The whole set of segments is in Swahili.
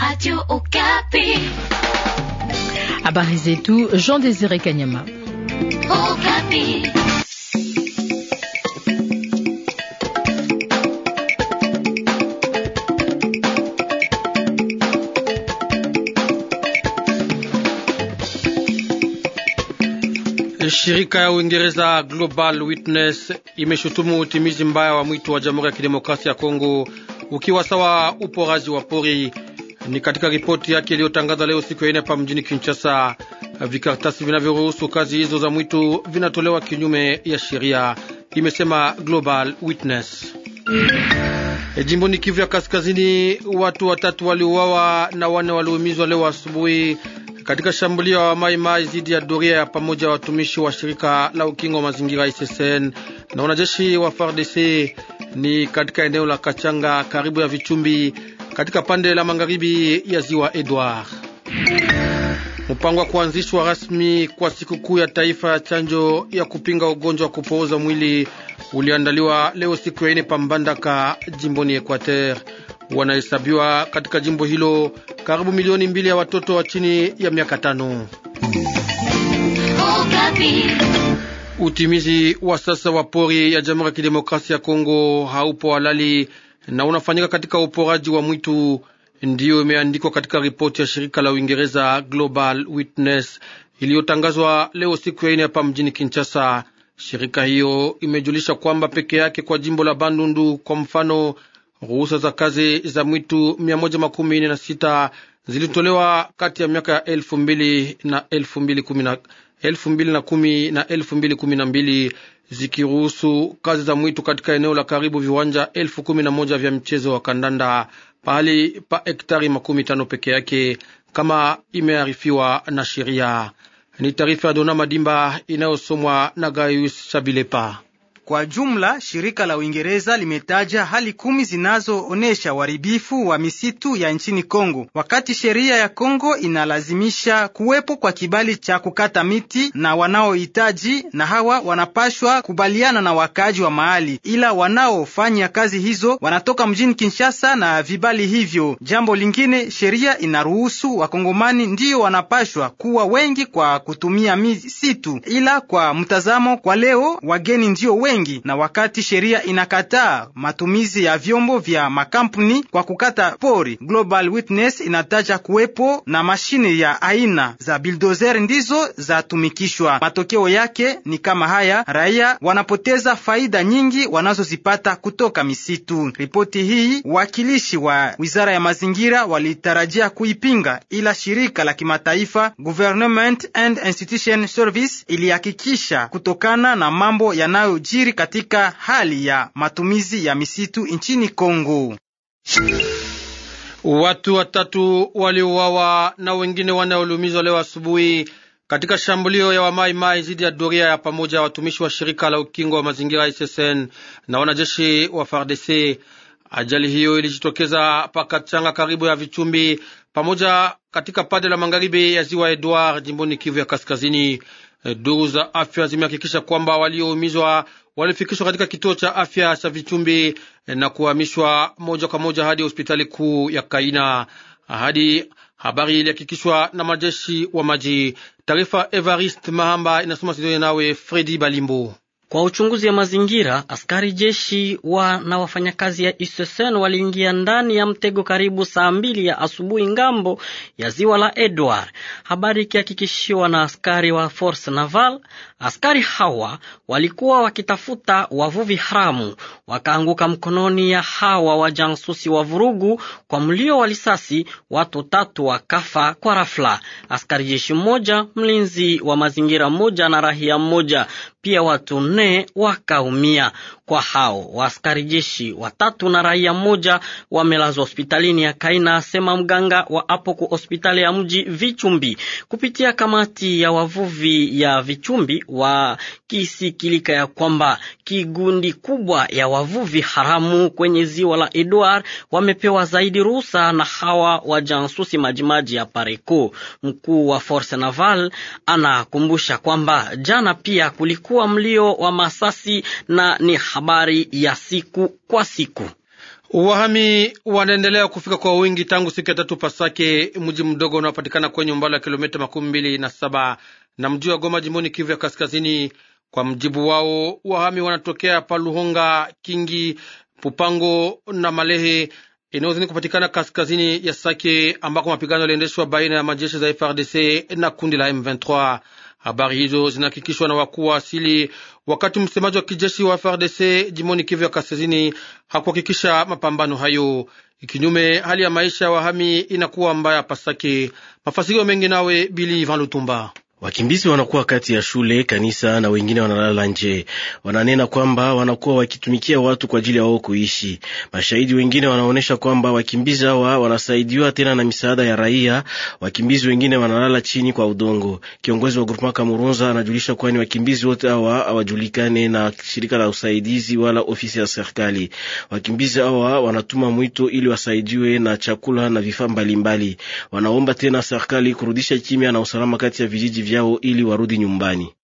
Radio Okapi. Habari zetu Jean Désiré Kanyama. Okapi. Shirika ya Uingereza Global Witness imeshutumu utimizi mbaya wa mwito wa Jamhuri ya Kidemokrasia ya Kongo ukiwa sawa uporaji wa pori. Ni katika ripoti yake iliyotangaza leo siku ya ine hapa mjini Kinshasa. Vikaratasi vinavyoruhusu kazi hizo za mwitu vinatolewa kinyume ya sheria, imesema Global Witness. E, jimboni Kivu ya Kaskazini, watu watatu waliuawa na wane waliumizwa leo asubuhi katika shambulio wa maimai dhidi ya doria pamoja ya watumishi wa shirika la ukingo wa mazingira SSN na wanajeshi wa FARDC ni katika eneo la Kachanga karibu ya Vichumbi katika pande la magharibi ya ziwa Edward. Mpango wa kuanzishwa rasmi kwa sikukuu ya taifa ya chanjo ya kupinga ugonjwa wa kupooza mwili uliandaliwa leo siku ya ine Pambandaka, jimboni Equateur. Wanahesabiwa katika jimbo hilo karibu milioni mbili ya watoto wa chini ya miaka tano. Utimizi wa sasa wa pori ya Jamhuri ya Kidemokrasia ya Kongo haupo halali na unafanyika katika uporaji wa mwitu. Ndiyo imeandikwa katika ripoti ya shirika la Uingereza Global Witness iliyotangazwa leo siku ya ine hapa mjini Kinshasa. Shirika hiyo imejulisha kwamba peke yake kwa jimbo la Bandundu kwa mfano, ruhusa za kazi za mwitu 146 zilitolewa kati ya miaka ya 2 na 2012 zikiruhusu kazi za mwitu katika eneo la karibu viwanja elfu kumi na moja vya mchezo wa kandanda pahali pa hektari makumi tano peke yake kama imearifiwa na sheria. Ni taarifa ya Dona Madimba inayosomwa na Gayus Chabilepa. Kwa jumla, shirika la Uingereza limetaja hali kumi zinazoonyesha uharibifu wa misitu ya nchini Kongo, wakati sheria ya Kongo inalazimisha kuwepo kwa kibali cha kukata miti na wanaohitaji, na hawa wanapashwa kubaliana na wakaaji wa mahali, ila wanaofanya kazi hizo wanatoka mjini Kinshasa na vibali hivyo. Jambo lingine, sheria inaruhusu wakongomani ndiyo wanapashwa kuwa wengi kwa kutumia misitu, ila kwa mtazamo kwa leo, wageni ndiyo wengi wengi, na wakati sheria inakataa matumizi ya vyombo vya makampuni kwa kukata pori, Global Witness inataja kuwepo na mashine ya aina za bildozer ndizo zatumikishwa. Matokeo yake ni kama haya: raia wanapoteza faida nyingi wanazozipata kutoka misitu. Ripoti hii wakilishi wa wizara ya mazingira walitarajia kuipinga, ila shirika la kimataifa Government and Institution Service ilihakikisha kutokana na mambo yanayojiri kujiri katika hali ya matumizi ya misitu nchini Kongo. Watu watatu waliuawa na wengine wanaolumizwa leo asubuhi katika shambulio ya wamaimai dhidi ya doria ya pamoja watumishi wa shirika la ukingo wa mazingira SSN na wanajeshi wa FARDC. Ajali hiyo ilijitokeza Pakachanga, karibu ya Vichumbi, pamoja katika pande la magharibi ya ziwa Edward, jimboni Kivu ya Kaskazini. Duru za afya zimehakikisha kwamba walioumizwa walifikishwa katika kituo cha afya cha Vichumbi eh, na kuhamishwa moja kwa moja hadi hospitali kuu ya Kaina hadi habari ilihakikishwa na majeshi wa maji. Taarifa Evarist Mahamba inasoma Sidoni nawe Fredi Balimbo. Kwa uchunguzi ya mazingira, askari jeshi wa na wafanyakazi ya Isesen waliingia ndani ya mtego karibu saa mbili ya asubuhi ngambo ya ziwa la Edward, habari ikihakikishiwa na askari wa Force Naval. Askari hawa walikuwa wakitafuta wavuvi haramu, wakaanguka mkononi ya hawa jansusi wa vurugu. Kwa mlio wa risasi, watu tatu wakafa kwa rafla, askari jeshi mmoja, mlinzi wa mazingira mmoja na rahia mmoja pia watu nne wakaumia kwa hao. Waaskari jeshi watatu na raia mmoja wamelazwa hospitalini ya Kaina, asema mganga wa apo ku hospitali ya mji Vichumbi. Kupitia kamati ya wavuvi ya Vichumbi wa kisikilika ya kwamba kigundi kubwa ya wavuvi haramu kwenye ziwa la Edward wamepewa zaidi ruhusa na hawa jansusi majimaji ya Pareco. Mkuu wa Force Naval anakumbusha kwamba jana pia kulikuwa mlio wa masasi na ni habari ya siku kwa siku. Wahami wanaendelea kufika kwa wingi tangu siku ya tatu Pasake, mji mdogo unaopatikana kwenye umbali wa kilomita makumi mbili na saba na mji wa Goma, jimboni Kivu ya Kaskazini. Kwa mjibu wao, wahami wanatokea Paluhonga, Kingi, Pupango na Malehe eneo zenye kupatikana kaskazini ya Sake ambako mapigano yaliendeshwa baina ya majeshi za FRDC na kundi la M23. Habari hizo zinahakikishwa na wakuu wa asili, wakati msemaji wa kijeshi wa FRDC jimoni Kivu ya kaskazini hakuhakikisha mapambano hayo. ikinyume hali ya maisha ya wahami inakuwa mbaya Pasake. Mafasirio mengi nawe Bili Van Lutumba. Wakimbizi wanakuwa kati ya shule, kanisa na wengine wanalala nje. Wananena kwamba wanakuwa wakitumikia watu kwa ajili ya wao kuishi. Mashahidi wengine wanaonyesha kwamba wakimbizi hawa wanasaidiwa tena na misaada ya raia. Wakimbizi wengine wanalala chini kwa udongo. Kiongozi wa Guruma Kamurunza anajulisha ni wakimbizi wote hawa hawajulikane na shirika la usaidizi wala ofisi ya serikali. Wakimbizi hawa wanatuma mwito ili wasaidiwe na chakula na vifaa mbalimbali. Wanaomba tena serikali kurudisha kimya na usalama kati ya vijiji vyao ili warudi nyumbani.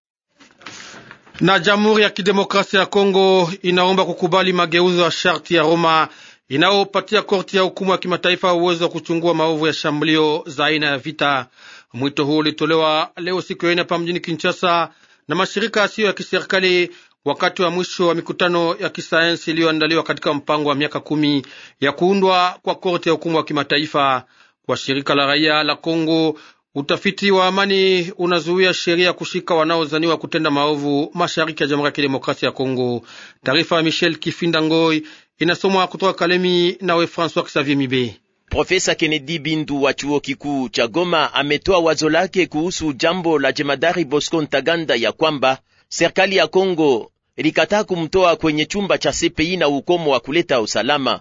Na Jamhuri ya Kidemokrasia ya Kongo inaomba kukubali mageuzo ya sharti ya Roma inayopatia korti ya hukumu ya kimataifa uwezo wa kuchungua maovu ya shambulio za aina ya vita. Mwito huu ulitolewa leo siku ya ine hapa mjini Kinshasa na mashirika yasiyo ya kiserikali wakati wa mwisho wa mikutano ya kisayansi iliyoandaliwa katika mpango wa miaka kumi ya kuundwa kwa korti ya hukumu wa kimataifa. Kwa shirika la raia la Kongo Utafiti wa amani unazuia sheria kushika wanaozaniwa kutenda maovu mashariki ya Jamhuri ya Kidemokrasia ya Kongo. Taarifa ya Michel Kifinda Ngoi inasomwa kutoka Kalemi nawe François Xavier Mibe. Profesa Kennedy Bindu wa chuo kikuu cha Goma ametoa wazo lake kuhusu jambo la jemadari Bosco Ntaganda ya kwamba serikali ya Kongo ilikataa kumtoa kwenye chumba cha CPI na ukomo wa kuleta usalama.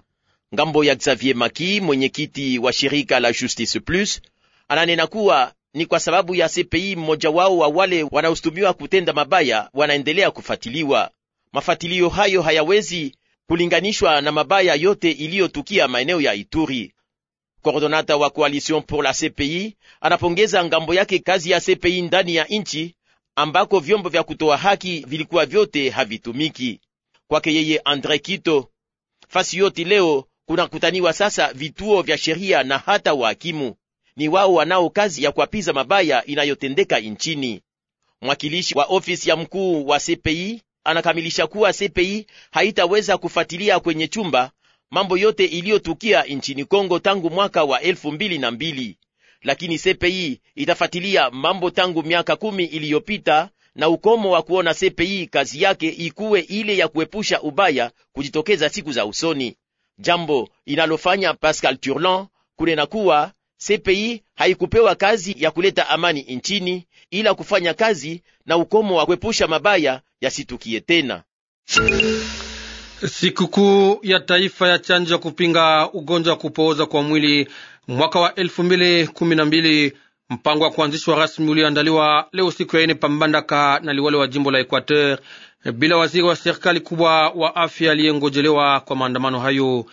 Ngambo ya Xavier Maki, mwenyekiti wa shirika la Justice Plus ananena kuwa ni kwa sababu ya CPI mmoja wao wa wale wanaostumiwa kutenda mabaya wanaendelea kufatiliwa. Mafatilio hayo hayawezi kulinganishwa na mabaya yote iliyotukia maeneo ya Ituri. Koordonata wa Coalition pour la CPI anapongeza ngambo yake kazi ya CPI ndani ya nchi ambako vyombo vya kutoa haki vilikuwa vyote havitumiki. Kwake yeye Andre Kito, fasi yote leo kunakutaniwa sasa vituo vya sheria na hata wahakimu ni wao wanao kazi ya kuapiza mabaya inayotendeka nchini. Mwakilishi wa ofisi ya mkuu wa CPI anakamilisha kuwa CPI haitaweza kufuatilia kwenye chumba mambo yote iliyotukia nchini Kongo tangu mwaka wa elfu mbili na mbili, lakini CPI itafuatilia mambo tangu miaka kumi iliyopita na ukomo wa kuona CPI kazi yake ikuwe ile ya kuepusha ubaya kujitokeza siku za usoni, jambo inalofanya Pascal Turlan kunena kuwa CPI haikupewa kazi ya kuleta amani nchini, ila kufanya kazi na ukomo wa kuepusha mabaya yasitukie tena. Sikukuu ya taifa ya chanjo ya kupinga ugonjwa wa kupooza kwa mwili mwaka wa elfu mbili kumi na mbili mpango wa kuanzishwa rasmi ulioandaliwa leo siku ya ine pambandaka na liwali wa jimbo la Equateur bila waziri wa serikali kubwa wa afya aliyengojelewa kwa maandamano hayo.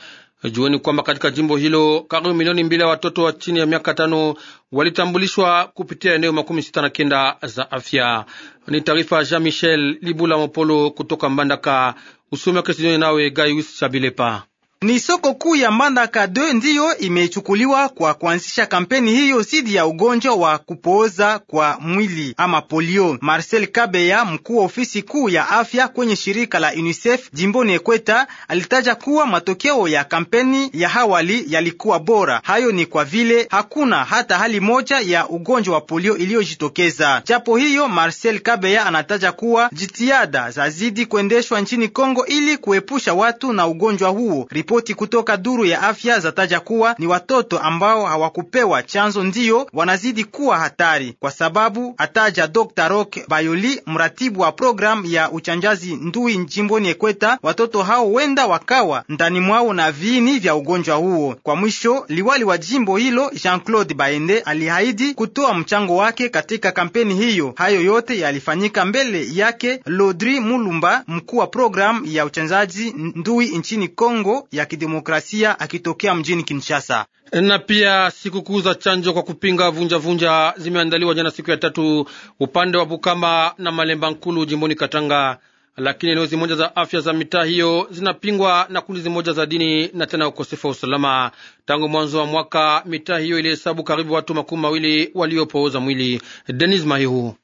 Jueni kwamba katika jimbo hilo karibu milioni mbili ya watoto wa chini ya miaka tano walitambulishwa kupitia eneo makumi sita na kenda za afya. Ni taarifa ya Jean Michel Libula Mopolo kutoka Mbandaka, usomi wa Kesioni nawe Gaius Chabilepa. Ni soko kuu ya Mbandaka 2 ndiyo imechukuliwa kwa kuanzisha kampeni hiyo dhidi ya ugonjwa wa kupooza kwa mwili ama polio. Marcel Kabeya, mkuu wa ofisi kuu ya afya kwenye shirika la UNICEF jimboni Ekweta, alitaja kuwa matokeo ya kampeni ya hawali yalikuwa bora. Hayo ni kwa vile hakuna hata hali moja ya ugonjwa wa polio iliyojitokeza. Japo hiyo, Marcel Kabeya anataja kuwa jitihada zidi kuendeshwa nchini Kongo ili kuepusha watu na ugonjwa huo. Ripoti kutoka duru ya afya zataja kuwa ni watoto ambao hawakupewa chanzo ndiyo wanazidi kuwa hatari, kwa sababu ataja Dr. Rock Bayoli, mratibu wa programu ya uchanjazi ndui jimboni Ekweta, watoto hao wenda wakawa ndani mwao na viini vya ugonjwa huo. Kwa mwisho, liwali wa jimbo hilo Jean-Claude Baende alihaidi kutoa mchango wake katika kampeni hiyo. Hayo yote yalifanyika mbele yake Lodri Mulumba, mkuu wa programu ya uchanjazi ndui nchini Kongo ya ya kidemokrasia akitokea mjini Kinshasa. Na pia sikukuu za chanjo kwa kupinga vunjavunja zimeandaliwa jana siku ya tatu upande wa Bukama na Malemba Nkulu jimboni Katanga, lakini eneo zimoja za afya za mitaa hiyo zinapingwa na kundi zimoja za dini na tena ukosefu wa usalama. Tangu mwanzo wa mwaka mitaa hiyo ilihesabu karibu watu makumi mawili waliopooza mwili. Denis Mahihu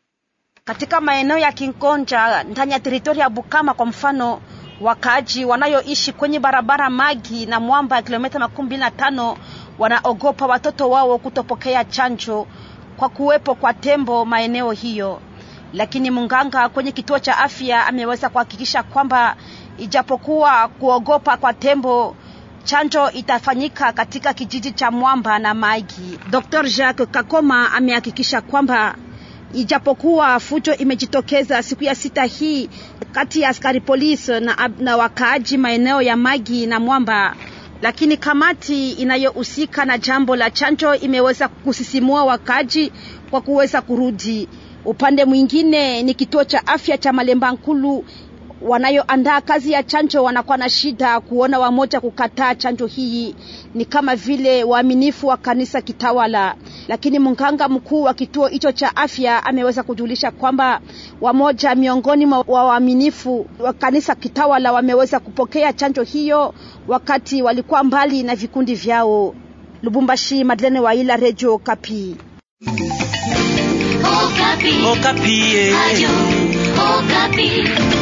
katika maeneo ya Kinkonja ndani ya teritoria ya Bukama kwa mfano Wakaaji wanayoishi kwenye barabara Magi na Mwamba ya kilomita makumi mbili na tano wanaogopa watoto wao kutopokea chanjo kwa kuwepo kwa tembo maeneo hiyo, lakini munganga kwenye kituo cha afya ameweza kuhakikisha kwamba ijapokuwa kuogopa kwa tembo chanjo itafanyika katika kijiji cha Mwamba na Magi. Dr. Jacques Kakoma amehakikisha kwamba Ijapokuwa fujo imejitokeza siku ya sita hii kati ya askari polisi na, na wakaaji maeneo ya Magi na Mwamba, lakini kamati inayohusika na jambo la chanjo imeweza kusisimua wakaaji kwa kuweza kurudi. Upande mwingine ni kituo cha afya cha Malemba Nkulu wanayoandaa kazi ya chanjo wanakuwa na shida kuona wamoja kukataa chanjo hii, ni kama vile waaminifu wa kanisa kitawala. Lakini mganga mkuu wa kituo hicho cha afya ameweza kujulisha kwamba wamoja miongoni mwa waaminifu wa kanisa kitawala wameweza kupokea chanjo hiyo wakati walikuwa mbali na vikundi vyao. Lubumbashi, Madlene Waila, rejo Kapi. Okapi. Okapi. Okapi. Eh.